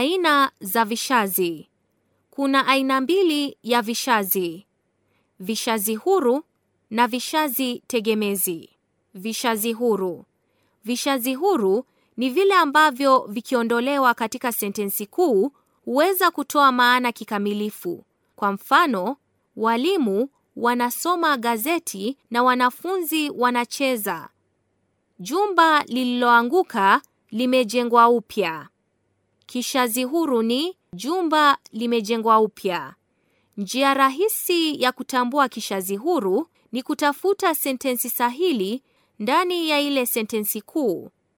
Aina za vishazi. Kuna aina mbili ya vishazi: vishazi huru na vishazi tegemezi. Vishazi huru. Vishazi huru ni vile ambavyo vikiondolewa katika sentensi kuu huweza kutoa maana kikamilifu. Kwa mfano, walimu wanasoma gazeti na wanafunzi wanacheza. Jumba lililoanguka limejengwa upya. Kishazi huru ni jumba limejengwa upya. Njia rahisi ya kutambua kishazi huru ni kutafuta sentensi sahili ndani ya ile sentensi kuu.